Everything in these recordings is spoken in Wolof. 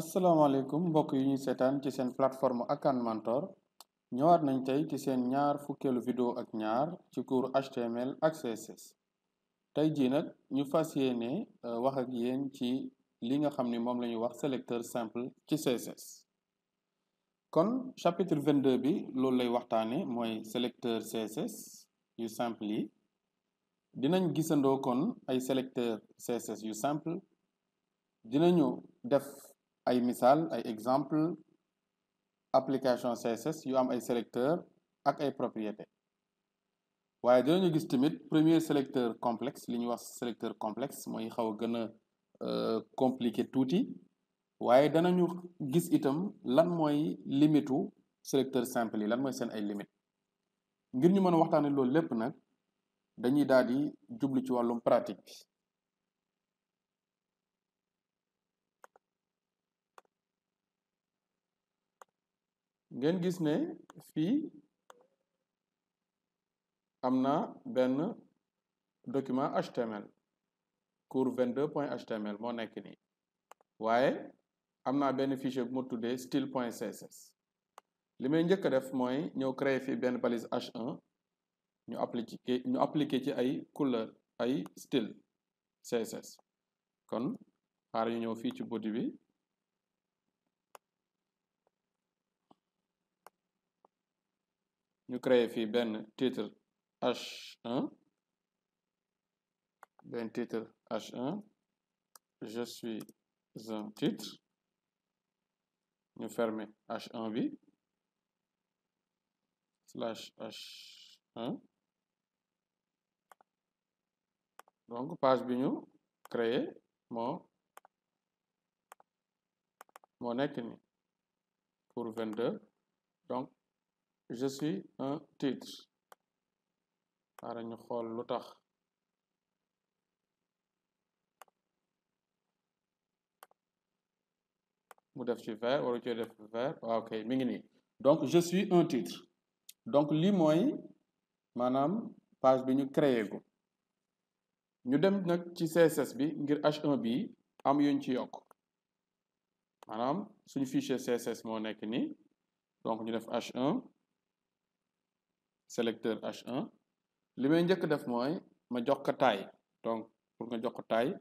asalaamaaleykum mbokk yi ñuy seetaan ci seen plateforme Khan Mentor ñëwaat nañ tey ci seen ñaar fukkeelu vidéo ak ñaar ci cours HTML ak CSS tey jii nag ñu fas yéene euh, wax ak yéen ci li nga xam ni moom la ñuy wax sélecteur simple ci CSS kon chapitre 22 bi loolu lay waxtaane mooy sélecteur CSS yu simple yi dinañ gisandoo kon ay sélecteur CSS yu simple dinañu def ay misaal ay exemple application CSS yu am ay sélecteur ak ay propriété waaye dinañu gis tamit premier sélecteur complexe li ñuy wax sélecteur complexe mooy xaw a gën a euh, compliqué tuuti waaye danañu gis itam lan mooy limitu sélecteur simple yi lan mooy seen ay limite ngir ñu mën a waxtaane loolu lépp nag dañuy daal di jublu ci wàllum pratique bi ngeen gis ne fii am na benn document HTML cours 22 point HTML moo nekk ni waaye am naa benn fichier bu ma tuddee style point CSS li may njëkk a def mooy ñëw créer fii benn balise H1 ñu appliqué ñu ci ay couleur ay style CSS kon xaar ñu ñëw fii ci body bi ñu créé fii benn titre H1 benn titre H1 je suis titre ñu fermer H1 bi slash H1 donc page bi ñu crée moo moo nekk ni pour 22 je suis un titre xaaral ñu xool lu tax mu def ci vert waru cee def waaw ah, kay mi ngi nii donc je suis un titre donc lii maanaam page bi ñu créé ko ñu dem nag ci CSS bi ngir h bi am yuñ ci yokk maanaam suñu fichier CSS moo nekk nii donc ñu def h sélecteur H1 li may njëkk def mooy ma jox ko taille donc pour nga jox ko taille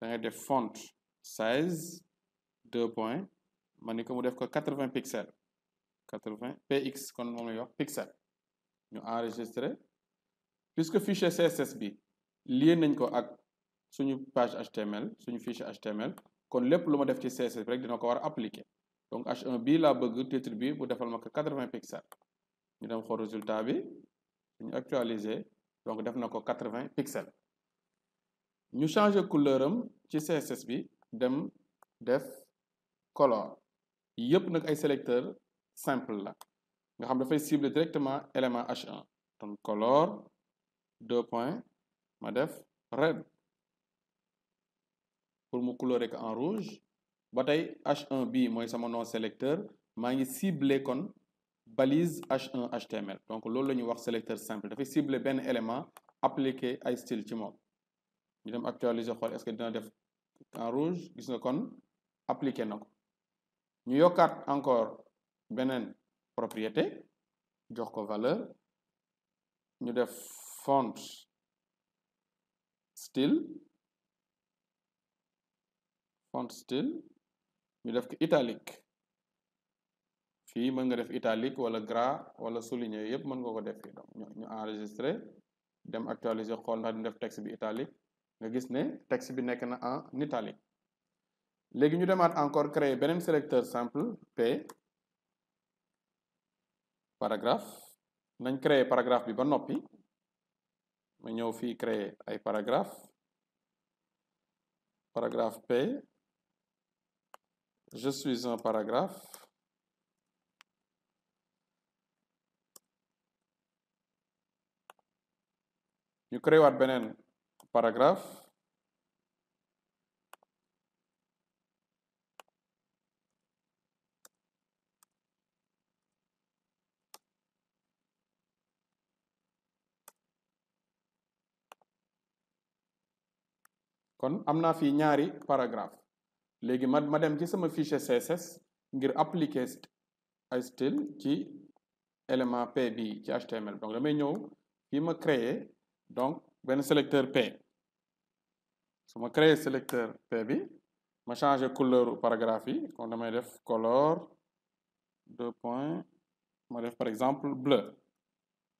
da ngay def font size deux points ma ni ko mu def ko 80 pixels 80 px kon moom lay wax pixel ñu enregistré puisque fichier CSS bi lié nañ ko ak suñu page HTML suñu fichier HTML kon lépp lu ma def ci CSS bi rek dina ko war a appliquer donc h bi la laa bëgg titre bi bu defal ma ko 80 pixels ñu dem xool résultat bi ñu actualiser donc def na ko quatre vingt pixels ñu changer couleur am ci CSS bi dem def color yëpp nag ay sélecteur simple la nga xam dafay cibler directement élément H1 donc color deux points ma def red pour mu colorer ko en rouge ba tey H1 bi mooy sama non sélecteur maa ngi cibler kon balise H1 HTML donc loolu la ñuy wax sélecteur simple dafay cibler benn élément appliquer ay style ci ñu dem actualiser xool est-ce que dina def en rouge gis nga kon appliquer na ko ñu yokkaat encore beneen propriété jox ko valeur ñu def font style ñu def ko italique fii mën nga def italique wala gras wala souligné yooyu yëpp mën nga ko def fii donc ñu enregistré dem actualiser xool ndax dina def texte bi italique nga gis ne texte bi nekk na en italique léegi ñu demaat encore créer beneen sélecteur simple p paragraphe nañ créer paragraphe bi ba noppi ma ñëw fii créer ay paragraphe paragraphe p je suis un paragraphe ñu créé beneen paragraphe kon am naa fii ñaari paragraphe léegi ma ma dem ci sama fichier CSS ngir appliquer ay style ci élément p bi ci HTML donc damay ñëw fii ma créer donc benn sélecteur P su ma créer sélecteur P bi ma changé couleur paragraphe yi kon damay def color deux points ma def par exemple bleu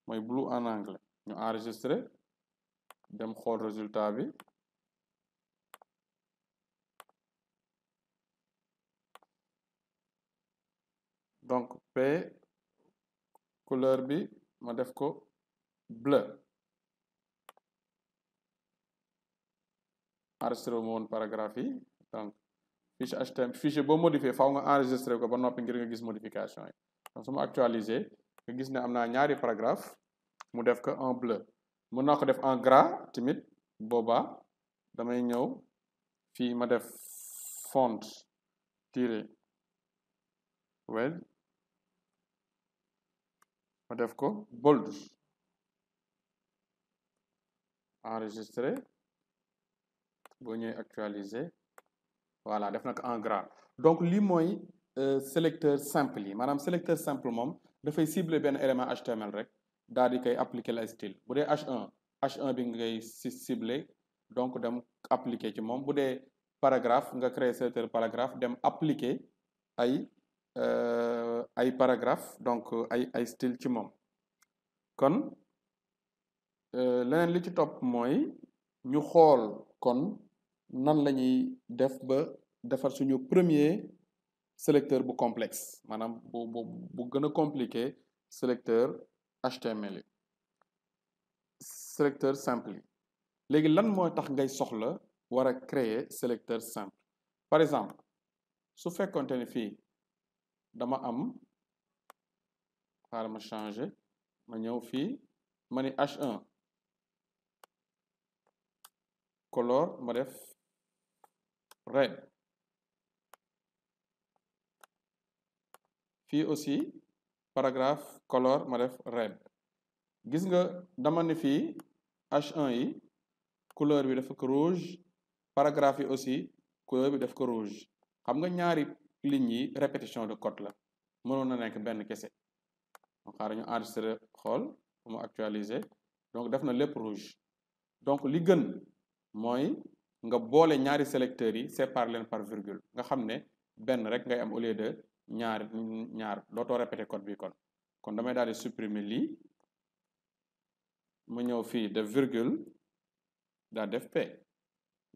mooy blue en anglais ñu enregistrer dem xool résultat bi donc P couleur bi ma def ko bleu enregistré wu ma woon paragraphe yi donc fiche HTML fichier boo modifié faaw nga enregistré ko ba noppi ngir nga gis modification yi donc su ma actualisé nga gis ne am naa ñaari paragraphe mu def ko en bleu mu naa ko def en gra tamit boobaa damay ñëw fii ma def font tire wel ma def ko bold enregistré boo ñëwee actualiser voilà def na ko en donc lii mooy euh, sélecteur simple yi maanaam sélecteur simple moom dafay cibler benn élément HTML rek daal di koy appliquer la style bu dee H1 H1 bi ngay donc dem appliquer ci moom bu dee paragraphe nga créer sélecteur paragraphe dem appliquer ay euh, ay paragraphe donc euh, ay ay style ci moom kon leneen li ci topp mooy ñu xool kon nan la ñuy def ba defar suñu premier sélecteur bu complexe maanaam bu bu bu gën a compliqué sélecteur HTML yi sélecteur simple léegi lan mooy tax ngay soxla war a créer sélecteur simple par exemple su fekkonte ne fii dama am xaaral ma changé ma ñëw fii ma ni H1 ma def reine fii aussi paragraphe color ma def red gis nga dama ne fii H1 yi couleur bi def ko rouge paragraphe yi aussi couleur bi def ko rouge xam nga ñaari lignes yi répétition de code la mënoon na nekk benn kese donc xaar ñu enregistré xool mu actualiser donc def na lépp rouge donc li mooy nga boole ñaari sélecteurs yi séparé leen par virgule nga xam ne benn rek ngay am au de ñaar ñaar dootoo répété code bi kon kon damay daal di supprimer lii mu ñëw fii de virgule daa def p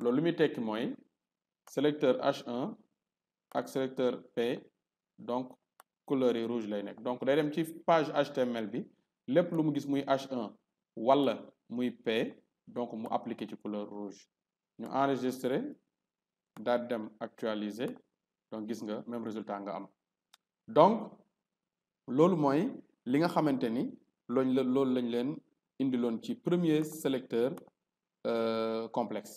loolu lu muy tekki mooy sélecteur H1 ak sélecteur P donc couleur yi rouge lay nekk donc day dem ci page HTML bi lépp lu mu gis muy H1 wala muy P donc mu appliqué ci couleur rouge ñu enregistré daal di dem actualiser donc gis nga même résultat nga am donc loolu mooy li nga xamante ni looñ la loolu lañ leen indiloon ci premier sélecteur euh, complexe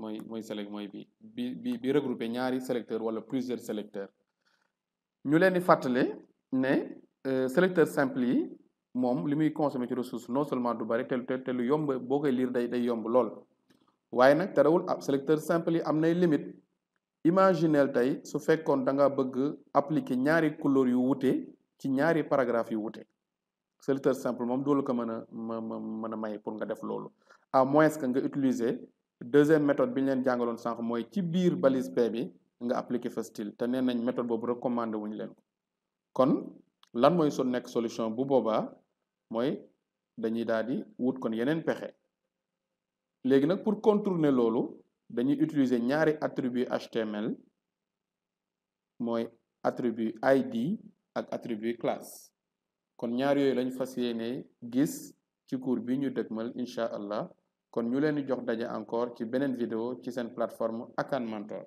mooy mooy select mooy bi bi bi bi regroupé ñaari sélecteur wala plusieurs sélecteurs ñu leen di fàttale ne euh, sélecteur simple yi moom li muy consommer ci ressource non seulement du bari te lu yomb boo koy liir day day yomb lool waaye nag terewul ab sélecteur simple yi am nay limite imaginel tey su fekkoon da nga bëgg appliquer ñaari couleur yu wute ci ñaari paragraphe yu wute sélecteur simple moom doolu ko mën a mën a may pour nga def loolu à moins ka nga utiliser deuxième méthode bi ñu leen jàngaloon sànq mooy ci biir balise P bi nga appliquer fa te nee nañ méthode boobu recommandé wuñu leen ko kon lan mooy so nekk solution bu boobaa mooy dañuy daal di wut kon yeneen pexe léegi nag pour contourner loolu dañuy utiliser ñaari atribu HTML mooy attribut ID ak attribut classe kon ñaar yooyu lañ fas yéene gis ci cours bi ñu dëgmal incha allah kon ñu leen di jox daje encore ci beneen vidéo ci seen plateforme Akan Mentor